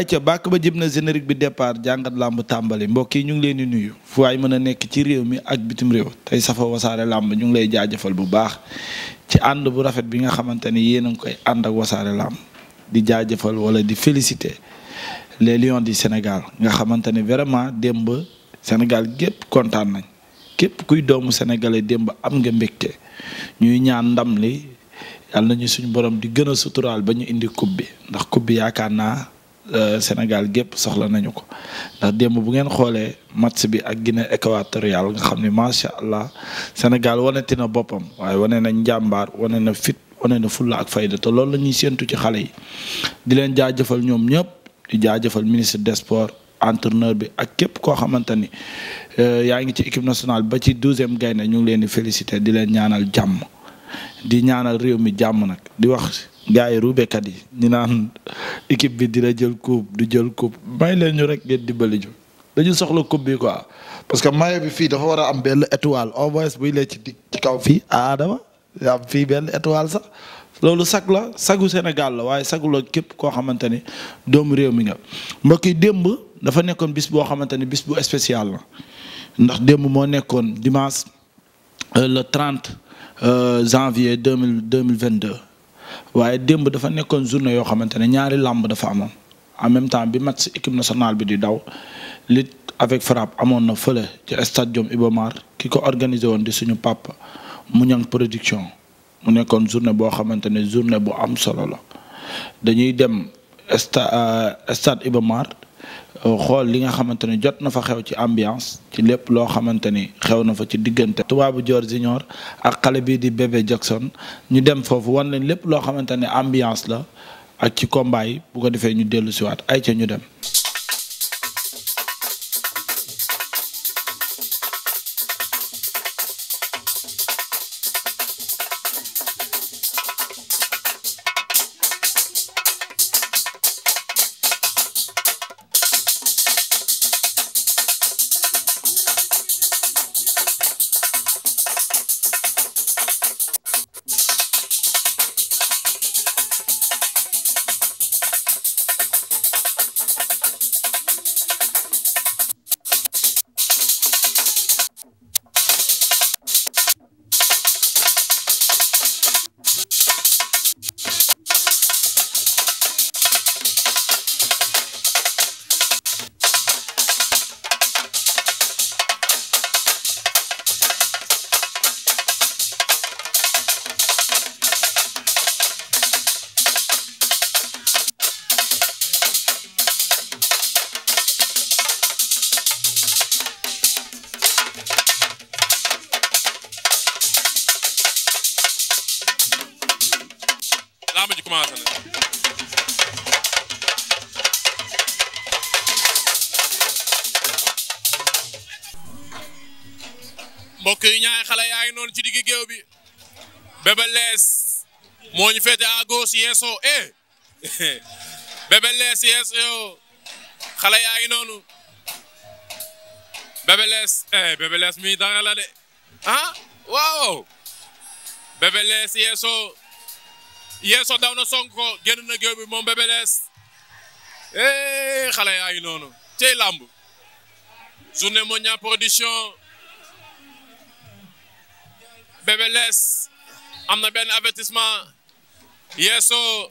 ayca bàkk ba jib na générique bi départ jàngat làmb tàmbali mbokk yi ñu ngi leen di nuyu fu waay mën a nekk ci réew mi ak bitim réew tey safa wasaare làmb ñu ngi lay jaajëfal bu baax ci ànd bu rafet bi nga xamante ni yéen a ngi koy ànd ak wasaare làmb di jaajëfal wala di féliciter les lion di Sénégal nga xamante ni vraiment démb Sénégal gépp kontaan nañ képp kuy doomu sénégalais démb am nga mbégte ñuy ñaan ndam li yàlla nañu suñu borom di gën a suturaal ba ñu indi coupe bi ndax coupe Euh, Sénégal gépp soxla nañu ko ndax démb bu ngeen xoolee match bi ak Guinée équatoriale nga xam ni macha allah Sénégal wanati na boppam waaye wane na njàmbaar wane na fit wane na fulla ak fayda te loolu la ñuy séentu ci xale yi di leen jaajëfal ñoom ñëpp di jaajëfal ministre des sports entraîneur bi ak képp koo xamante ni euh, yaa ngi ci équipe nationale ba ci douzième gaynde ñu ngi leen di féliciter di leen ñaanal jàmm di ñaanal réew mi jàmm nag di wax. gars yi ruubekat yi ñu naan équipe bi dina jël coupe du jël coupe may leen ñu rek ngeen dimbali ñu dañu soxla coupe bi quoi parce que maillot bi fii dafa war a am benn étoile au moins buy lee ci di ci kaw fii aadama am fii benn étoile sax loolu sag la sagu Sénégal la waaye sagu la képp koo xamante ni doomu réew mi nga mbokk yi démb dafa nekkoon bis boo xamante ni bis bu spécial la ndax démb moo nekkoon dimanche euh, le 30 euh, janvier deux mille deux mille vingt deux waaye démb dafa nekkoon journée yoo xamante ne ñaari làmb dafa amoon en même temps bi match équipe nationale bi di daw lit avec frappe amoon na fële ci stade Jom Iba ki ko organisé woon di suñu papa mu ñang production mu nekkoon journée boo xamante ne journée bu am solo la dañuy dem stade euh, stade Iba xool li nga xamante ne jot na fa xew ci ambiance ci lépp loo xamante ni xew na fa ci diggante tubaabu jor Junior ak xale bii di bébé Jackson ñu dem foofu wan leen lépp loo xamante ne ambiance la ak ci combat bu ko defee ñu dellu siwaat ay ca ñu dem moo ñu féete à gauche yeesoo eh Bébé Less yeesoo xale yaa ngi noonu Bébé Less eh Bébé Less de ah waaw Bébé Less yeesoo yeesoo daw na song ko génn na géew moom Bébé Less eh xale yaa ngi noonu tey làmb journée mondiale production Bébé am na benn avertissement yeesoo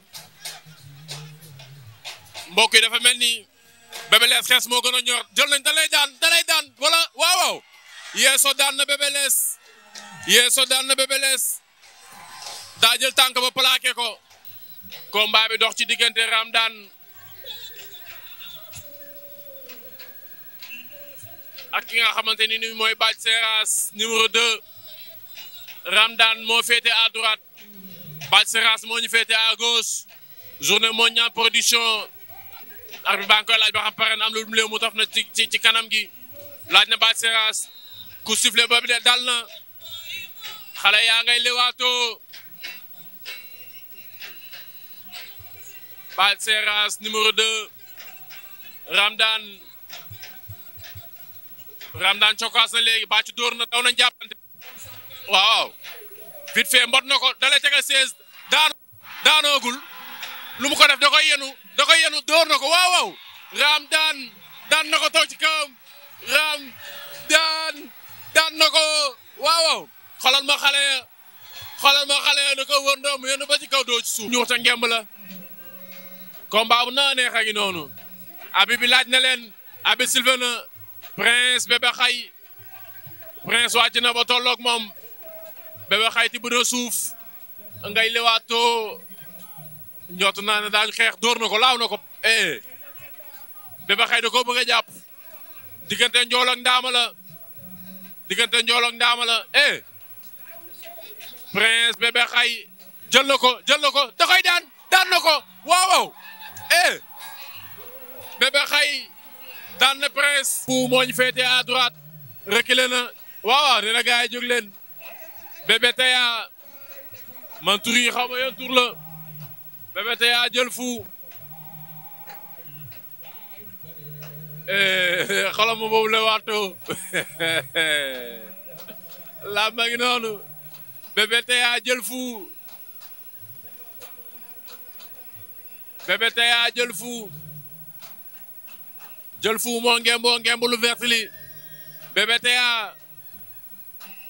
mbokk yi dafa mel ni Bébé Less moo gën a ñor jël nañ da lay daan da lay daan wala waaw waaw yeesoo daan na Bébé Less daan na Bébé daa jël tànk ba plaqué ko combat bi dox ci diggante Ramdan ak ki nga xamante ni ni mooy Bathie Seras numéro 2 Ramdan moo féete à Bathie Seras moo ñu féete à gauche journée mondiale production arbitre baa ngi koy na am loolu mu léemu taf na ci ci kanam gi laaj na Bathie Seras ku sifflé ba bi de na xale yaa ngay lewaato Bathie Seras numéro 2 Ramdan Ramdan cokaas na léegi Bathie dóor na taw na jàppante waaw. vite fait mbot na ko dala tega 16 daan daanoogul lu mu ko def da yenu da na ko waaw waaw raam daan daan na ko taw ci kawam raam daan daan na ko waaw waaw ma xale ya xoolal ma xale ya da ko wër ndoom yenu ba ci kaw doo ci suuf ñuux ta ngemb la combat bu naa neex noonu abi bi laaj na leen abi sylvain prince bébé xay prince wàcc na ba tolloog moom Bébé Xayti bu na suuf ngay lewaatoo ñootu naa ne daañu xeex dóor na ko laaw na ko eh, eh. Bébé Xayti ko bëgg a jàpp diggante njool ndaamala diggante njool ndaamala ndaama la eh. Prince Bébé Xay jël na ko jël na ko da koy daan daan na ko waaw waaw eh Bébé Xay daan na Prince. bu mooñ féete à droite na waaw waaw nee na gars jóg leen. Bébé Teya yi xaw ma la Bébé Teya jël fu eh, xoolal ma boobu la waatoo laa ma ngi noonu Bébé Teya jël fu Bébé Teya jël fu jël lu vert li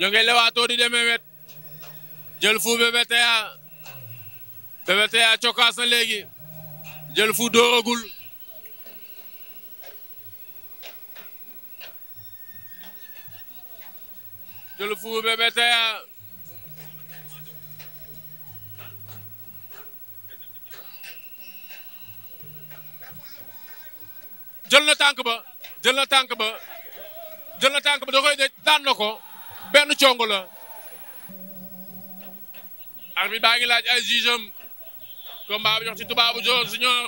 ñoo ngi di demee wet jël fu Bébé Téya Bébé na léegi jël fu dooragul jël fu Bébé jël na tànk ba jël na tànk ba jël na tànk ba da koy daj daan ko benn congo la arbitre baa ngi laaj ay juge am combat bi jox ci Toubabou Dior Junior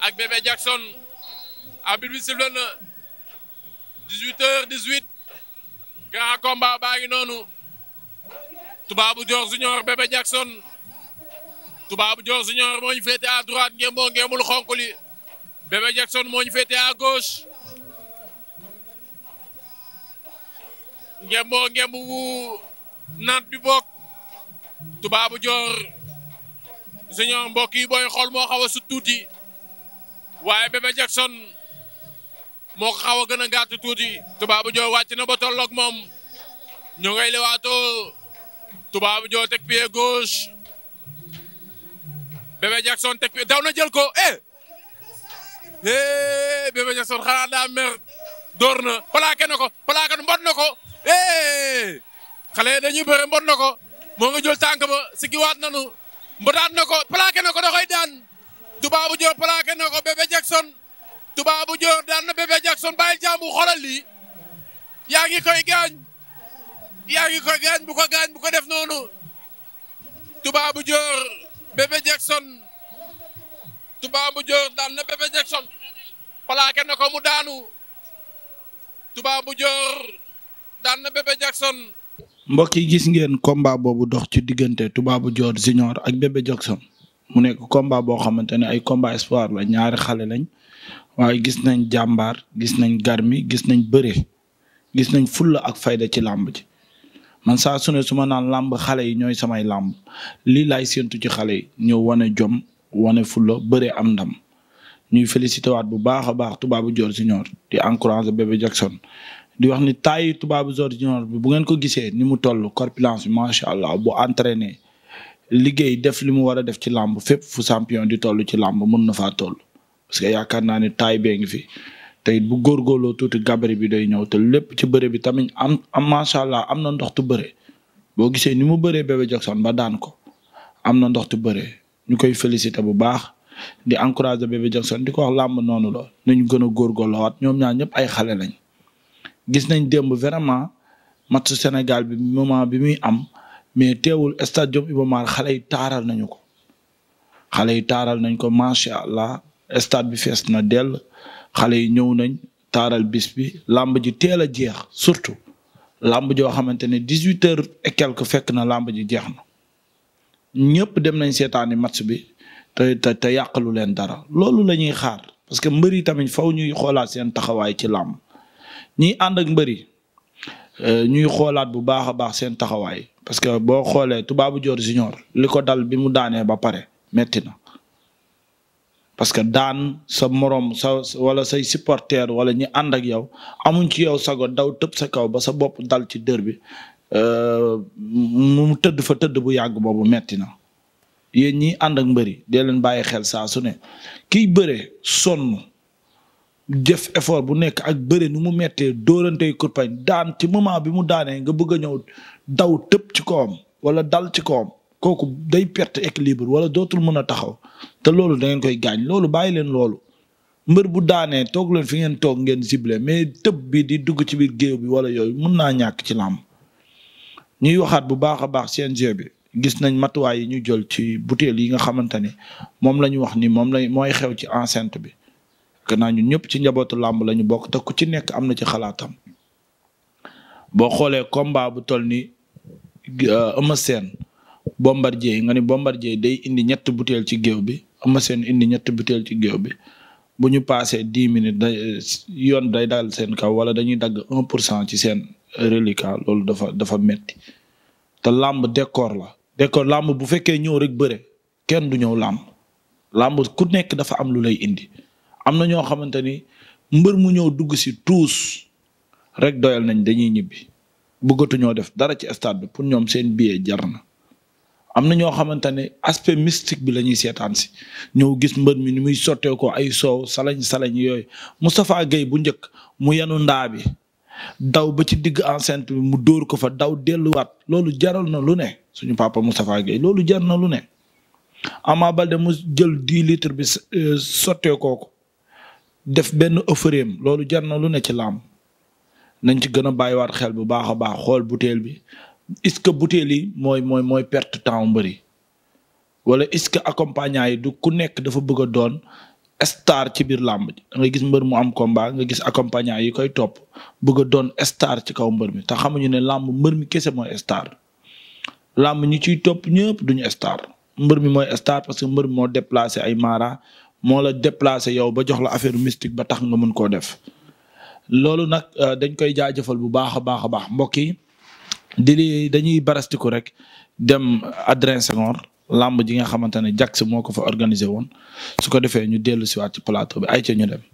ak Bébé Jackson arbitre bi sifflé na 18h18 grand combat baa ngi noonu Toubabou Dior Junior Bébé Jackson Toubabou Dior Junior moo ñu féete droite moo ngeemul xonk li Bébé Jackson mooñu ñu féete à gauche. ngemboo ngemb wu naat bi bokk tubaabu joor junior mbokk yi booy xool moo xaw a sut tuuti waaye bébé Jackson moo ko xaw a gën a gàtt tuuti tubaabu joor wàcc na ba tolloog moom ñu ngay lewaatoo tubaabu joor teg pied gauche bébé Jackson teg pied daw na jël ko eh eh Jackson xanaa daa mer dóor na plaqué na ko plaqué na mbot na ko eh xale dañuy bëre mbot na ko moo nga jël tànk ba sikiwaat nanu na ko plaqué na ko da koy daan tubaabu joor plaqué na ko bébé Jackson tubaabu joor daan na bébé Jackson bàyyi jaamu xoolal lii yaa ngi koy gaañ yaa ngi koy gaañ bu ko gaañ bu ko def noonu tubaabu joor bébé Jackson tubaabu joor daan na bébé Jackson plaqué na mu daanu bu joor daan na mbokk yi gis ngeen combat boobu dox ci diggante Toubabou Dior Junior ak Bébé Jackson mu nekk combat boo xamante ne ay combat espoir la ñaari xale lañ waaye gis nañ jàmbaar gis nañ garmi gis nañ bëre gis nañ fulla ak fayda ci làmb ji man saa su ne su ma naan làmb xale yi ñooy samay làmb lii laay séentu ci xale yi ñëw wane jom wane fulla bëre am ndam ñuy félicité waat bu baax a baax Toubabou Dior Junior di encouragé Bébé Jackson di wax ni taille tubaabu Zor junior bi bu ngeen ko gisee ni mu toll corpulence bi allah bu entraîné liggéey def li mu war a def ci làmb fépp fu champion di toll ci làmb mën na faa toll. parce que yaakaar naa ne taille bee ngi fi te it bu góorgóorloo tuuti gabari bi day ñëw te lépp ci bëre bi tamit am am macha allah am na ndox ndoxtu bëre boo gisee ni mu bëree bébé Jackson ba daan ko am na ndox tu bëre ñu koy félicité bu baax. di encourager bébé Jackson di làmb noonu la nañu gën a góorgóorluwaat ñoom ñaar ñëpp ay xale lañ gis nañ démb vraiment matsu Sénégal bi moment bi muy am mais teewul stade Diop Iba Mar xale yi taaral nañu ko xale yi taaral nañ ko macha allah stade bi fees na dell xale yi ñëw nañ taaral bis bi làmb ji teel a jeex surtout làmb joo xamante ne dix huit heures et quelque fekk na làmb ji jeex na ñëpp dem nañ seetaani match bi te te te yàqalu leen dara loolu la ñuy xaar parce que mbër yi tamit faw ñuy xoolaat seen taxawaay ci làmb ñiy ànd ak mbëri euh, ñuy xoolaat bu baax a baax seen taxawaay parce que boo xoolee Tubaabu Joor Junior li ko dal bi mu daanee ba pare metti na parce que daan sa morom sa wala say supporter wala ñi ànd ak yow amuñ ci yow sago daw tëb sa kaw ba sa bopp dal ci dër bi euh, mu tëdd fa tëdd bu yàgg boobu metti na yéen ñi ànd mbëri dee leen bàyyi xel saa su ne kiy bëre sonn def effort bu nekk ak bëre nu mu mettee dóorantey kurpañ daan ci moment bi mu daanee nga bëgg a ñëw daw tëb ci kawam wala dal ci kawam kooku day perte équilibre wala dootul mën a taxaw te loolu da ngeen koy gaañ loolu bàyyi leen loolu mbër bu daanee toog leen fi ngeen toog ngeen ciblé mais tëb bi di dugg ci biir géew bi wala yooyu mun naa ñàkk ci làmb ñuy waxaat bu baax a baax CNG bi gis nañ matuwaay yi ñu jol ci butéel yi nga xamante ni moom la ñu wax ni moom la mooy xew ci enceinte bi gannaaw ñu ñëpp ci njabootu làmb la ñu bokk te ku ci nekk am na ci xalaatam boo xoolee combat bu toll ni euh, Eumeu Sène Bombardier nga ni Bombardier day indi ñett butéel ci géew bi Eumeu seen indi ñett butéel ci géew bi bu ñu paasee dix minutes da euh, yoon day dal seen kaw wala dañuy dagg un pour cent ci seen reliquat loolu dafa dafa metti te làmb dekoor la décor làmb bu fekkee ñëw rek bëre kenn du ñëw làmb làmb ku nekk dafa am lu lay indi am na ñoo xamante ni mbër mu ñëw dugg si tuus rek doyal nañ dañuy ñibbi bëggatuñoo def dara ci stade bi pour ñoom seen billet jar am na ñoo xamante ne aspect mystique bi la ñuy seetaan si ñëw gis mbër mi ni muy sottee ay soow salañ salañ yooyu Moustapha Gueye bu njëkk mu yenu ndaa bi daw ba ci digg enceinte bi mu dóor ko fa daw delluwaat loolu jaral na lu ne suñu papa Moustapha Gueye loolu jar na lu ne Ama Baldé mu jël dix litre bi euh, sottee kooku def benn ëffëreem loolu jar na lu ne ci làmb nañ ci gën a bàyyiwaat xel bu baax a baax xool butéel bi est-ce que butéel yi mooy mooy mooy perte temps wala est-ce que accompagnant yi du ku nekk dafa bëgg a doon star ci biir làmb ji gis mbër mu am combat nga gis yi koy topp bëgg doon star ci kaw mbër mi te xamuñu ne làmb mbër mi kese mooy star làmb ñi ciy topp ñëpp duñu star mbër mi mooy star parce que mbër moo déplacé ay mara moo la déplacé yow ba jox la affaire mystique ba tax nga mun koo def loolu nag euh, dañ koy jaajëfal bu baax a baax a baax mbokk yi di li dañuy barastiku rek dem Adrien Senghor làmb ji nga xamante ne Jax moo ko fa organiser woon su ko defee ñu dellu siwaat ci plateau bi ay ca ñu dem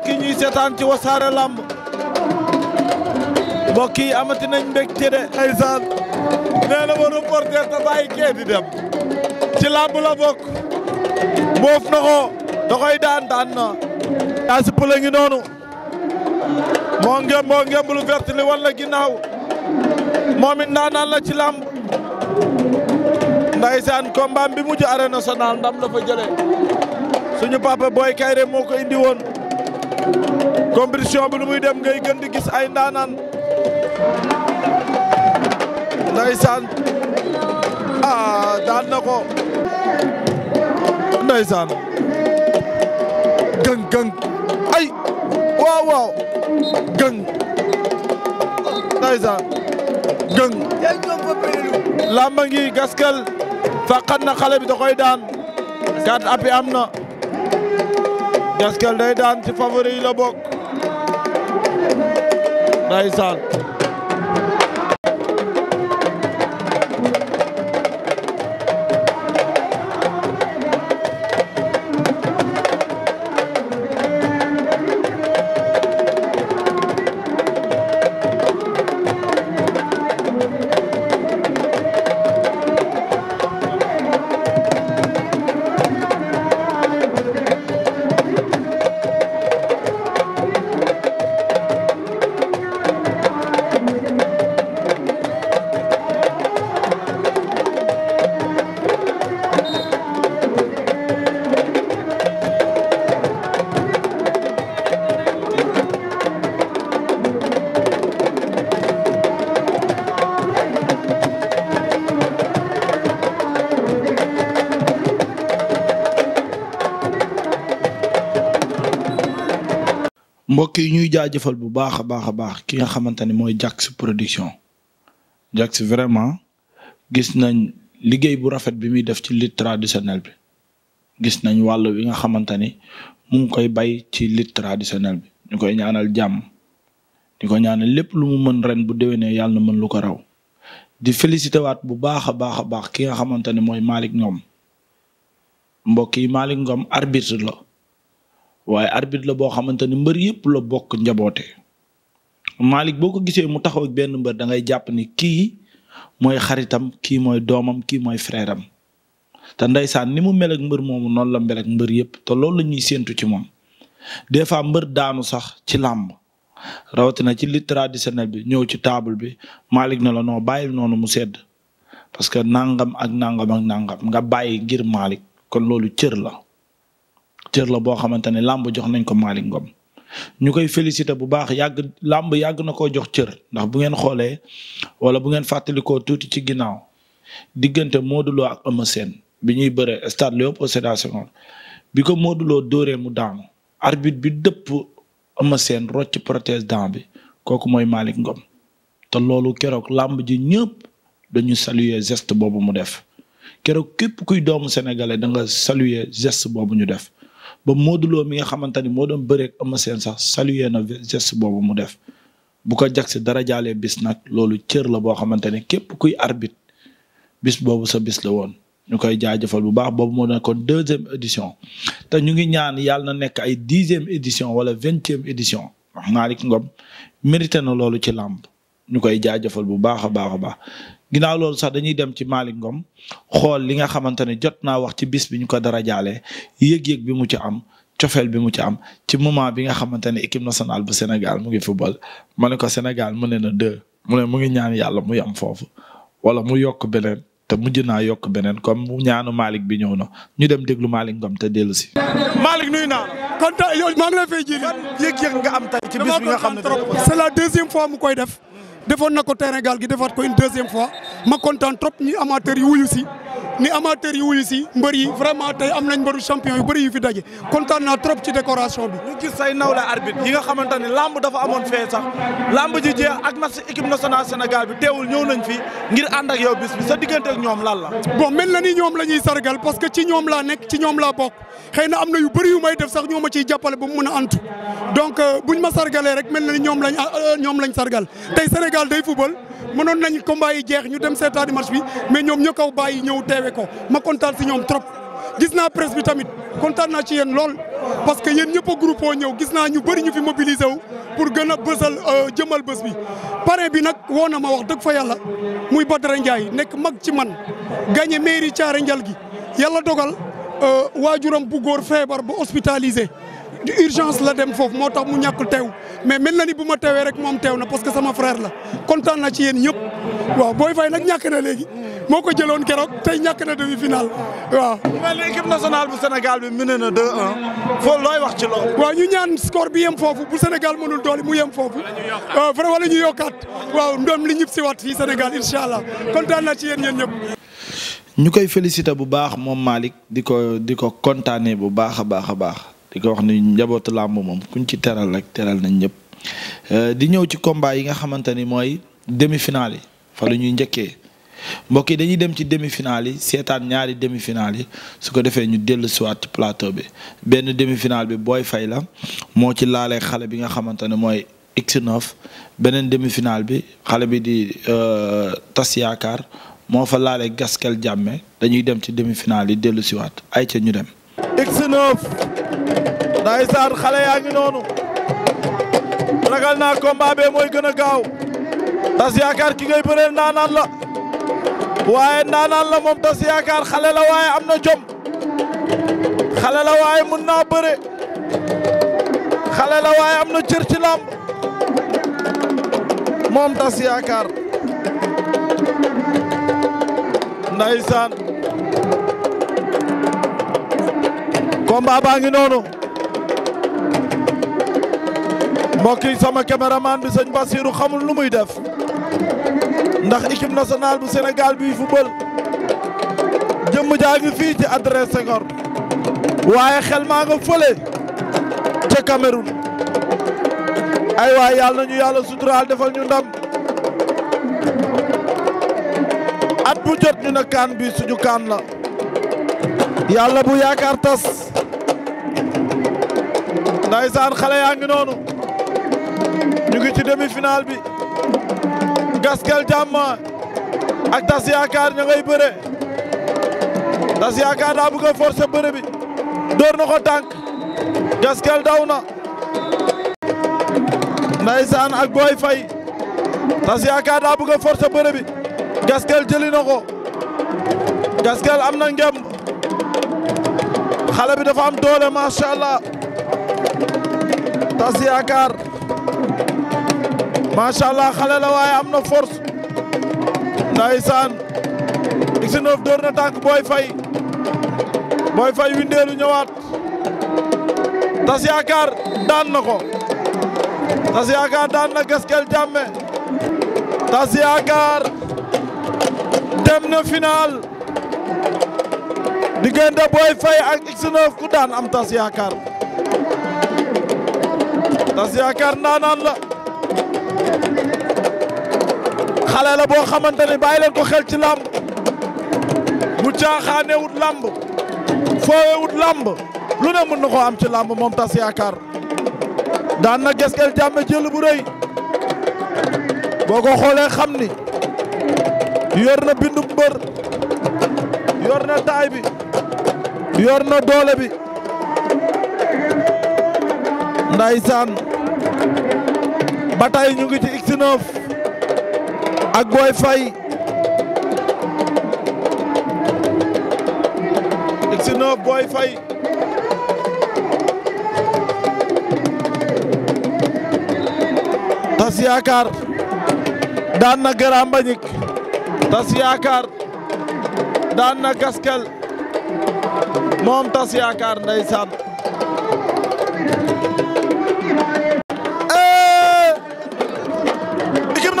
mbokk yi ñuy seetaan ci wasaare lamb mbokk yi amati nañ mbégte nee na ma reporter ta bàyyi kee di dem ci lamb la bokk moof na ko da koy daan daan na daa si noonu moo ngem moo lu vert li wan la ginnaaw moom it naanaan la ci lamb ndaysaan combat bi mujj arène nationale ndam la fa jëlee suñu papa booy kayre moo ko indi compétition bi nu dem ngay gën di gis ay ndaanaan ndaysaan ah daan na ko ndaysaan gëng gëng ay waaw waaw gëng ndaysaan gëng làmba ngi gaskel faqat na xale bi da daan kat api am na Gaskel day daan ci favori yi la bokk ndeysaan mbokk yi ñuy jaajëfal bu baax a baax a baax ki nga xamante ne mooy Diaks production Diaks vraiment gis nañ liggéey bu rafet bi muy def ci lutte traditionnelle bi gis nañ wàll wi nga xamante ni mu ngi koy bay ci lutte traditionnelle bi ñu koy ñaanal jàmm di ko ñaanal lépp lu mu mën ren bu ne yàlla mën lu ko raw di félicité waat bu baax a baax a baax ki nga xamante ne mooy Malick Ngom mbokk yi Malick Ngom arbitre la. waaye arbitre la boo xamante ne mbër yëpp la bokk njaboote Malick boo ko gisee mu taxaw ak benn mbër da ngay jàpp ni kii mooy xaritam kii mooy doomam kii mooy frère am te ndeysaan ni mu melek mbër moomu noonu la mel ak mbër yëpp te loolu la ñuy séentu ci moom des fois mbër daanu sax ci làmb rawatina ci li traditionnel bi ñëw ci table bi Malick na la noo bàyyil noonu mu sedd parce que nangam ak nangam ak nangam nga bàyyi ngir Malick kon loolu cër la. cër la boo xamante ne làmb jox nañ ko Malick Ngom ñu koy féliciter bu baax yàgg làmb yàgg na koo jox cër ndax bu ngeen xoolee wala bu ngeen fàttalikoo tuuti ci ginnaaw diggante Modou am ak Eumeu Sène bi ñuy bëre stade Léopold bi ko Modou dóoree mu daanu arbitre bi dëpp Eumeu rocc prothèse dent bi kooku mooy Malick Ngom te loolu keroog làmb ji ñëpp dañu saluer geste boobu mu def keroog képp kuy doomu sénégalais da nga saluer geste boobu ñu def ba Modou Lo mi nga xamante ni moo doon bëreeg Eumeu Sène sax salué na geste boobu mu def bu ko jag si dara jaalee bis nag loolu cër la boo xamante ne képp kuy arbitre bis boobu sa bis la woon ñu koy jaajëfal bu baax boobu moo nekkoon deuxième édition te ñu ngi ñaan yàlla na nekk ay dixième édition wala vingtième édition wax Malick Ngom mérité na loolu ci làmb ñu koy jaajëfal bu baax a baax a baax ginnaaw loolu sax dañuy dem ci Malick Ngom xool li nga xamante ne jot naa wax ci bis bi ñu ko dara jaale yëg-yëg bi mu ci am cofeel bi mu ci am ci moment bi nga xamante ne équipe nationale bu Sénégal mu ngi football ma ne ko Sénégal mu ne na deux mu ne mu ngi ñaan yàlla mu yam foofu wala mu yokk beneen te mujj naa yokk beneen comme mu ñaanu Malick bi ñëw na ñu dem déglu Malick Ngom te dellu si. nuyu naa la. kontaan yow maa ngi lay fay ji. yëg-yëg nga am tey ci bis mu koy def. defoon na ko terrain gaal gi defaat ko une deuxième fois ma kontaan trop ñi amateurs yi wuyu si ni amateurs yi wuyu si mbër yi vraiment tey am nañ mbëru champion yu bëri yu fi daje kontaan naa trop ci décoration bi. ñu gis say naw la arbitre yi nga xamante ne lamb dafa amoon fee sax lamb ji jeex ak match équipe nationale Sénégal bi teewul ñëw nañ fi ngir ànd ak yow bis sa diggante ak ñoom lan la. bon mel na ni ñoom la ñuy sargal parce que ci ñoom laa nekk ci ñoom la bokk xëy am na yu bëri yu may def sax ñoo ma ciy jàppale ba mu mën a antu donc euh, buñ ma sargalee rek mel na ni ñoom lañ euh, ñoom lañ sargal tey Sénégal day football mënoon nañ combat yi jeex ñu dem seetaani match bi mais ñoom ñoo kaw bàyyi ñëw teewe ko ma kontaan si ñoom trop. gis naa presse bi tamit kontaan naa ci yéen lool parce que yéen ñëpp a groupe ñëw gis naa ñu bëri ñu fi mobilisé wu pour gën a bësal euh, jëmal bés bi. pare bi nag woo na ma wax dëgg fa yàlla muy Badara Ndiaye nekk mag ci man gagné mairie Thiaré Ndial gi yàlla dogal euh, waajuram bu góor feebar ba hospitalisé. di urgence la dem foofu moo tax mu ñàkkul teew mais mel na ni bu ma teewee rek moom teew na parce que sama frère la kontaan na ci yéen ñëpp waaw booy fay nag ñàkk na léegi moo ko jëloon keroog tey ñàkk na demi final na équipe nationale bu Sénégal bi na looy wax ci ñu ñaan score bi yem foofu bu Sénégal mënul doole mu yem foofu vraiment wala ñu yokkaat waaw ndoom li ñëpp si waat Sénégal incha allah kontaan na ci yéen yéen ñu koy félicité bu baax moom Malick di ko di ko kontaanee bu baax a baax a baax. di ko wax ni njabootu làmb moom kuñ ci teral rek teral nañ ñëpp euh, di ñëw ci combat yi nga xamante ni mooy demi-finale yi fa lu ñuy njëkkee mbokk yi dañuy dem ci demi-finale yi seetaan ñaari demi yi su ko defee ñu dellu siwaat plateau bi benn demi-finale bi booy fay la moo ci laalee xale bi nga xamante ne mooy X9 beneen demi-finale bi xale bi di euh, tas yaakaar moo fa laalee Gaskel Jàmme dañuy dem ci demi-finale yi dellu siwaat ay ca ñu dem X9 ndaysaan xale yaa ngi noonu ragal naa combat bee mooy gën a gaaw tas yaakaar ki ngay bëreel ndaanaan la waaye ndaanaan la moom tas yaakaar xale la waaye am na jom xale la waaye mën naa bëre xale la waaye am na cër ci làmb moom tas yaakaar ndaysaan combat baa ngi noonu mbokk sama caméraman bi sëñ Bassirou xamul lu muy def ndax équipe nationale bu Sénégal bi football jëmm jaa ngi fii ci Adrien Senghor waaye xel maa nga fële ca Cameroun ay waay yàlla nañu yàlla suturaal defal ñu ndam at bu jot ñu ne kaan bi suñu kaan la yàlla bu yaakaar tas ndaysaan xale yaa ngi noonu ñu ngi demi-finale bi Gaskel Jaama ak Tas Yaakaar ña ngay bëre Tas Yaakaar daa bëgg a forcer bëre bi door na ko tànk Gaskel daw na ndaysaan ak Boy Faye Tas Yaakaar daa bëgg a forcer bëre bi Gaskel jëli Gaskel am na ngemb xale bi dafa doole macha tas yaakaar macha allah xale la waaye am na force ndaysaan X9 door na tànk Boy Faye Boy Faye windeelu ñëwaat tas yaakaar daan na ko tas yaakaar daan na gaskel jàmme tas yaakaar dem na final diggante Boy Faye ak x ku daan am tas yaakaar Tass Yakar ndaanaan la xale la boo xamante ni bàyyi leen ko xel ci làmb bu caaxaane wut làmb foowe wut làmb lu ne mën am ci làmb moom Tass Yakar daan na Gaskel Jamme jël bu rëy boo ko xoolee xam ni yor na bindu mbër yor na taay bi yor na doole bi ba tey ñu ngi ci X9 ak Boy Faye X9 Boy Faye tas yaakaar daan na Gara tas yaakaar daan na Gaskel moom tas yaakaar ndeysaan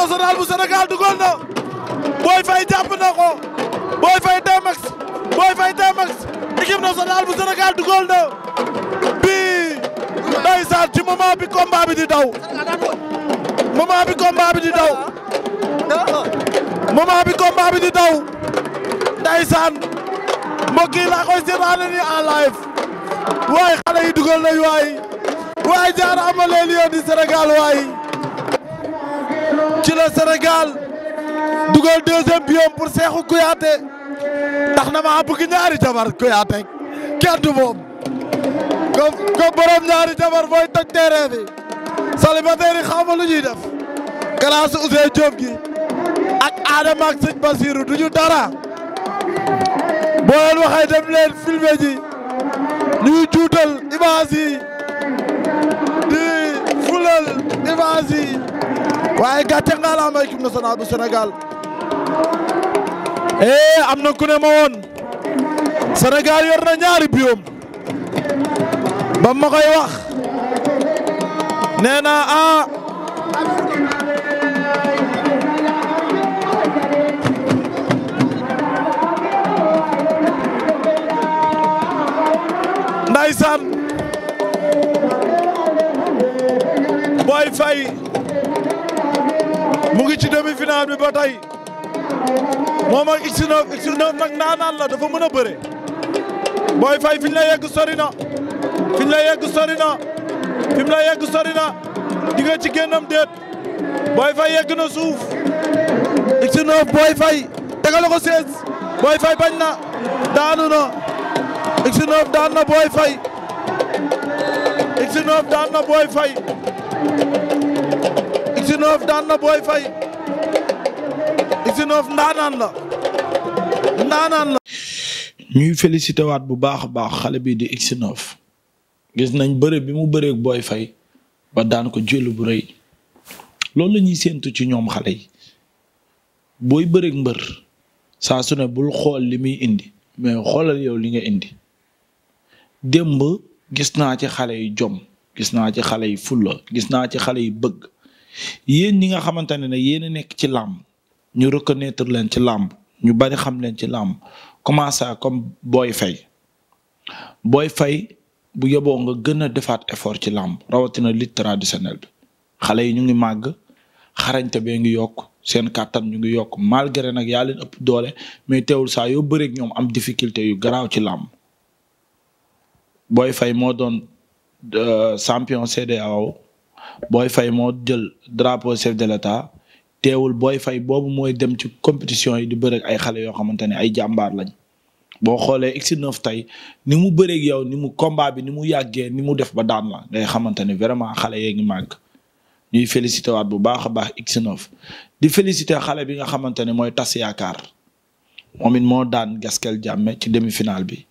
national bu na Boy Faye bu Sénégal dugal na bii ndeysaan ci moment bi combat bi di daw moment bi combat bi di daw moment bi combat laa koy seetaane ni en live waaye yi dugal nañ waay jaar ama leen di Sénégal waay ci la Sénégal dugal deuxième biom pour Cheikhou Kouyaté ndax na maa bëgg ñaari jabar Kouyaté kenn moom comme comme borom jabar mooy toj terrain bi célibataire yi xaw ma lu ñuy def grâce gi ak Adama ak sëñ Basirou du ñu dara boo leen waxee dem ji ñuy juutal image di fulal image waaye gàcce ngalaama équipe nationale bu Sénégal eh, am na ku ne ma woon na ñaari biom ba ma koy wax nee naa a ah. Ndeysaan Boy mu ngi ci demi-finale bi ba tey moom ak X9 X9 nag naanaan la dafa mën a bëre Boy yegg sori na fi ñu yegg sori na fi mu yegg sori na di nga ci génnam déet Boy Faye yegg na suuf X9 Boy Faye tegal ko 16 Boy Faye bañ na daanu na X9 daan na Boy Faye X9 daan na Boy Faye X9 daan na Boy Faye x ñuy félicité waat bu baax a baax xale bii di x gis nañ bëre bi mu bëreeg Boy Faye ba daan ko jëlu bu rëy loolu la ñuy séentu ci ñoom xale yi booy bëreeg mbër saa su bul xool li muy indi mais xoolal yow li nga indi démb gis naa ci xale yi jom gis naa ci xale yi fulla gis naa ci xale yi bëgg yéen ñi nga xamante ne ne yéen a nekk ci làmb ñu reconnaître leen ci làmb ñu bari xam leen ci làmb commencé comme booy fay Boy Faye bu yeboo nga gën a defaat effort ci làmb rawatina lutte traditionnelle bi xale yi ñu ngi màgg xarañte bee ngi yokk seen kàttan ñu ngi yokk malgré nag yaa leen ëpp doole mais teewul saa yoo bëreeg ñoom am difficulté yu garaaw ci làmb booy fay moo doon euh, champion CEDEAO booy fay moo jël drapeau chef de l'état teewul booy fay boobu mooy dem ci compétition yi di bëreeg ay xale yoo xamante ne ay jàmbaar lañ boo xoolee x tey ni mu bëreeg yow ni mu combat bi ni mu yàggee ni mu def ba daan la day xamante ne vraiment xale yee ngi màgg ñuy félicité waat bu baax a baax X9 di félicité xale bi nga xamante ne mooy tas yaakaar moom it moo daan Gaskel Jàmme ci demi-finale bi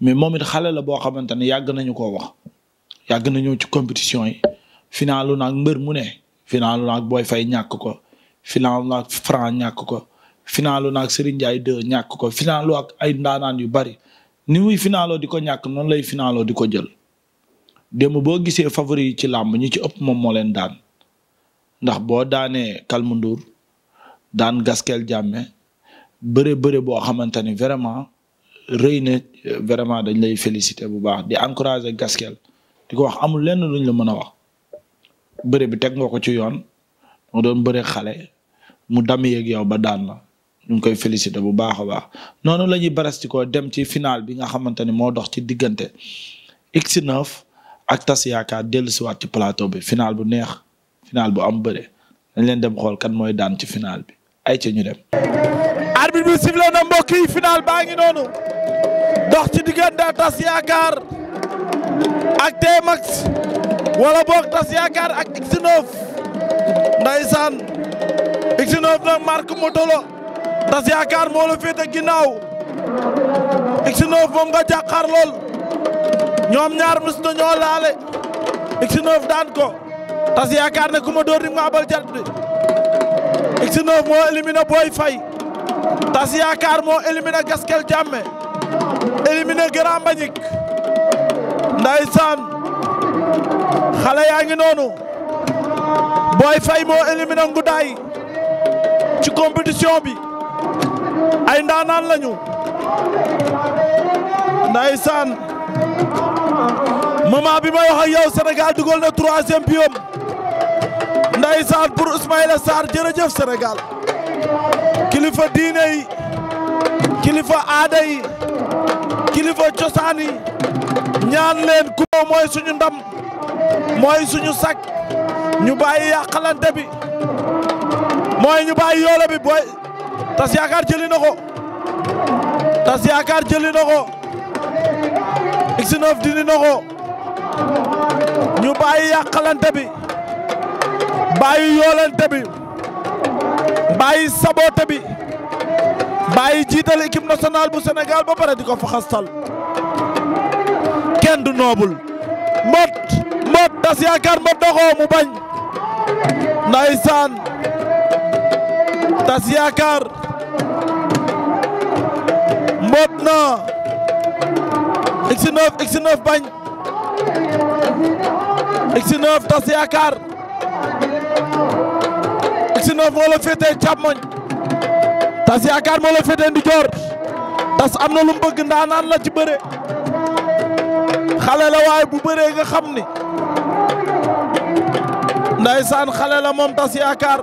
mais moom it xale la boo xamante ne yàgg nañu koo wax yàgg nañoo ci compétition yi. finaalu naag mbër mu ne finaalu naag Boy Faye ñàkk ko finaalu naag Franc ñàkk ko finalu naag Serigne Ndiaye 2 ñàkk ko finaalu ak ay ndaanaan yu bari ni muy finaaloo di ko ñàkk noonu lay finalo di ko jël démb boo gisee favori yi ci làmb ñi ci ëpp moom moo leen daan ndax boo daanee kalmundur daan gaskel jàmme bëre bëre boo xamante ni vraiment rëy na vraiment dañ lay féliciter bu baax di encourager gaskel di ko wax amul lenn luñ la mën a wax bëre bi teg nga ko ci yoon nga doon bëre xale mu dam yeeg yow ba daan la ñu ngi koy félicité bu baax a baax noonu lañuy barastikoo dem ci final bi nga xamante ni moo dox ci diggante x ak tas yaakaar dellu siwaat ci plateau bi final bu neex final bu am bëre dañ leen dem xool kat mooy daan ci final bi ay ca ñu dem arbitre bi sifflé na mbokk yi baa ngi noonu dox ci diggante tas yaakaar ak Tmax wala boog tas yaakaar ak X9 ndaysaan X9 nag marque moto la tas yaakaar moo la féete ginnaaw X9 moom nga ñoom ñaar mos na ñoo laale X9 daan ko tas yaakaar ne ku ma door di nga abal moo éliminé Boy Faye tas yaakaar moo éliminé Gaskel Jammeh éliminé Grand Mbagnick ndaysaan xale yaa ngi noonu Boy Faye moo éliminé Ngoudaye ci compétition bi ay ndaanaan lañu ndaysaan moment bi may wax ak yow Sénégal dugal na troisième pion ndaysaan pour Ismaïla Sarr jërëjëf Sénégal kilifa diine yi kilifa aada yi kilifa cosaan yi ñaan leen ku mooy suñu ndam mooy suñu sak ñu bàyyi yàqalante bi mooy ñu bàyyi yoole bi booy tas yaakaar jëli na tas yaakaar jëli na ko X9 ñu bàyyi yàqalante bi bàyyi yoolante bi bàyyi saboote bi bàyyi jiital équipe nationale bu Sénégal ba pare di ko fa kenn du noobul tas yaakaar mbot na ko mu bañ ndeysaan tas yaakaar mbot na x9 x9 bañ x9 tas yaakaar x9 moo la féetee càmmoñ tas yaakaar moo la féetee ndijoor tas am na lu mu bëgg ndaanaan la ci bëre xale la waaye bu bëree nga xam ni ndaysaan xale la moom tas yaakaar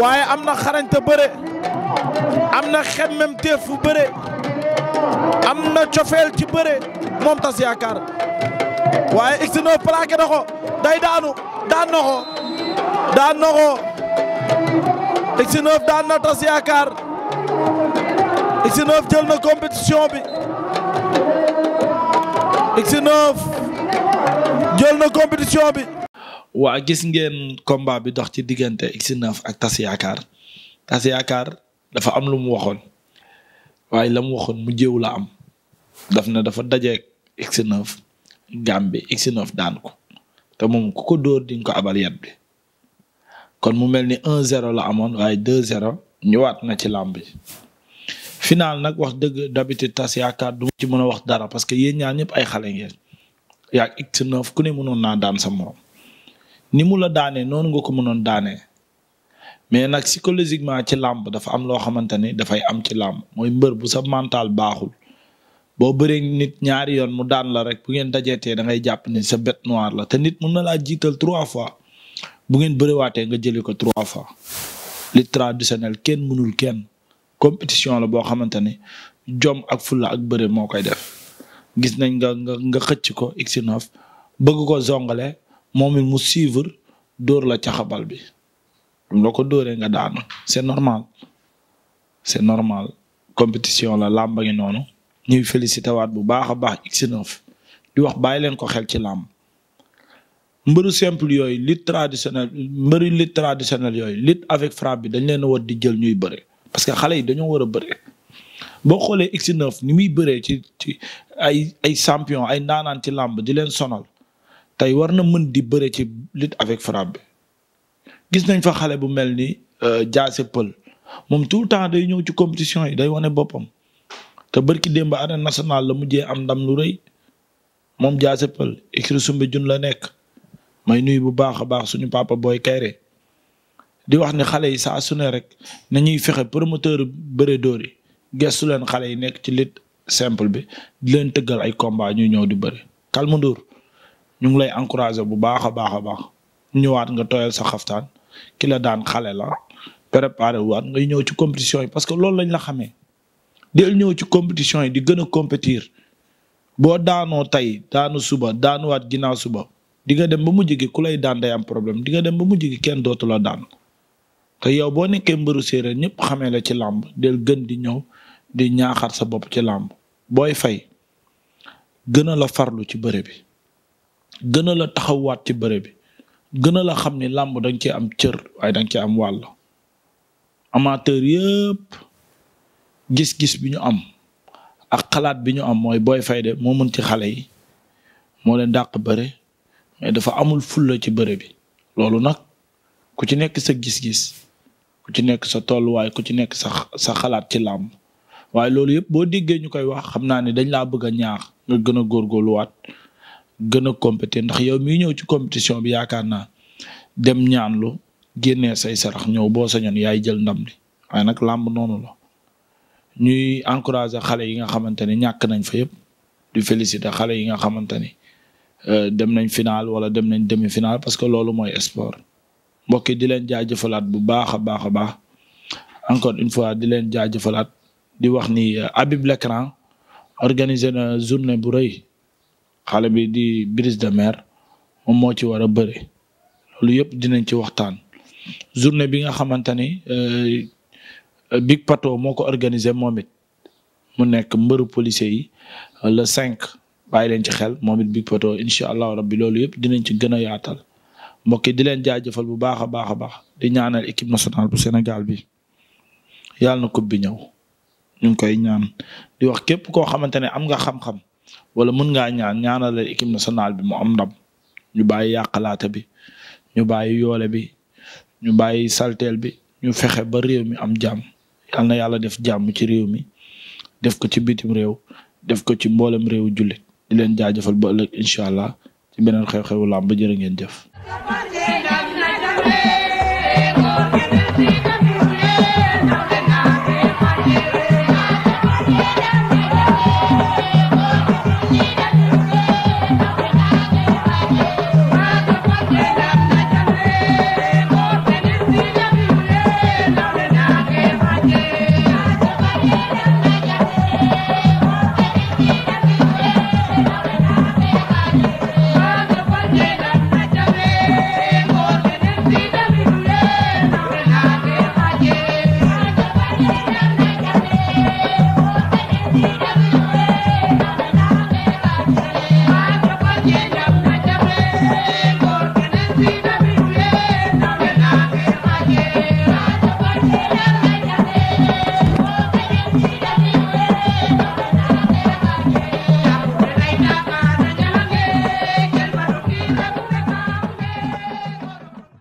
waaye am na xarañte bëre am na xemmem teefu bëre am na cofeel ci bëre moom tas yaakaar waaye X9 plaqué na ko day daanu daan na daan na ko X9 daan na tas yaakaar X9 jël na compétition bi X9 jël na compétition bi waa gis ngeen combat bi dox ci diggante X9 ak Tas Yaakaar Tas Yaakaar dafa am lu mu waxoon waaye la mu waxoon mu jéew la am daf na dafa dajeeg X9 Gambie X9 daan ko te moom ku ko dóor diñ ko abal yet bi kon mu mel ni 1-0 la amoon waaye 2-0 ñëwaat na ci làmb ji final nag wax dëgg d'habitude tas yaakaar du ci mën a wax dara parce que yéen ñaan ñëpp ay xale ngeen yaa X9 ku ne mënoon naa daan sa morom ni mu la daanee noonu nga ko mënoon daane mais nag psychologiquement ci làmb dafa am loo xamante ni dafay am ci làmb mooy mbër bu sa mental baaxul boo bëree nit ñaari yoon mu daan la rek bu ngeen dajeetee da ngay jàpp ni sa bête noire la te nit mun na laa jiital trois fois bu ngeen bëriwaatee nga jëli ko trois fois li traditionnel kenn mënul kenn compétition la boo xamante ni jom ak fulla ak bëre moo koy def gis nañ nga nga nga xëcc ko x9 bëgg ko zongale moom it mu suivre dóor la caxabal bi dum la ko dóoree nga daan c'est normal c'est normal compétition la làmba ngi noonu ñuy félicité waat bu baax a baax X9 di wax bàyyi leen ko xel ci làmb mbëru simple yooyu lutte traditionnelle mbëru lutte yooyu lutte avec frappe bi dañ leen a war di jël ñuy bëre parce que xale yi dañoo war a bëre boo xoolee X9 ni muy bëree ci ci ay ay champion ay ndaanaan ci làmb di leen sonal tey war na mën di bëre ci lit avec frappe bi gis nañ fa xale bu mel ni Jaase euh, Pël moom tout le temps day ñëw ci compétition yi day wane boppam te bërki démb arène nationale la mujjee am ndam lu rëy moom Jaase Pël écrit sumbi jun la nekk may nuyu bu baax a baax suñu papa booy Kayre di wax ni xale yi saa su ne rek nañuy fexe promoteur bëre dóor yi gestu leen xale yi nekk ci lutte simple bi di leen tëggal ay combat ñuy ñëw di bëri Kalma ñu ngi lay encouragé bu baax a baax a baax ñëwaat nga tooyal sa xaftaan ki la daan xale la préparé waat ngay ñëw ci compétition yi parce que loolu lañ la xamee del ñëw ci compétition yi di gën a compétir boo daanoo tey daanu suba daanuwaat ginnaaw suba di nga dem ba mu gi ku lay daan day am problème di nga dem ba mu gi kenn dootu la daan te yow boo nekkee mbëru séeréer ñëpp xamee la ci làmb del gën di ñëw di ñaaxaat sa bopp ci làmb booy fay gën a la farlu ci bëre bi gën a la taxawaat ci bëre bi gën a la xam ni làmb dañ ci am cër waaye dañ ci am wàll amateur yëpp gis-gis bi ñu am ak xalaat bi ñu am mooy Boy Fayda moo mën ci xale yi moo leen dàq bëre mais dafa amul fulla ci bëre bi loolu nag ku ci nekk sa gis-gis ku ci nekk sa tolluwaay ku ci nekk sa sa xalaat ci làmb waaye loolu yëpp boo diggee ñu koy wax xam naa ne dañ laa bëgg a ñaax nga gën a góorgóorluwaat gën a compété ndax yow mii ñëw ci compétition bi yaakaar naa dem ñaanlu génnee say sarax ñëw boo sañoon yaay jël ndam li waaye nag làmb noonu la ñuy encourager xale yi nga xamante ni ñàkk nañ fa yëpp di féliciter xale yi nga xamante ni euh, dem nañ final wala dem nañ demi final parce que loolu mooy sport mbokk yi di leen jaajëfalaat bu baax a baax a baax encore une fois di leen jëfalaat di wax ni euh, Habib Lecran organiser na journée bu rëy xale bi di Brise de Mer moom moo ci war a bëri loolu yëpp dinañ ci waxtaan journée bi nga xamante ni euh, Big Pato moo ko organisé moom mu nekk mbëru policier yi euh, le cinq bàyyi leen ci xel moom it Big Pato incha allah rabbi loolu yëpp dinañ ci gën a yaatal mbokk yi di leen jaajëfal bu baax a baax a baax di ñaanal équipe nationale bu Sénégal bi yàlla na coupe bi ñëw ñu ngi koy ñaan di wax képp koo xamante ne am nga xam-xam. wala mën ngaa ñaan ñaanal équipe nationale bi mu am ndam ñu bàyyi yàqalaate bi ñu bàyyi yoole bi ñu bàyyi salteel bi ñu fexe ba réew mi am jàmm yal na yàlla def jàmm ci réew mi def ko ci bitim réew def ko ci mboolem réewu jullit di leen jaajëfal ba ëllëg incha allah ci beneen xew-xewu làmb ba jërë ngeen jëf.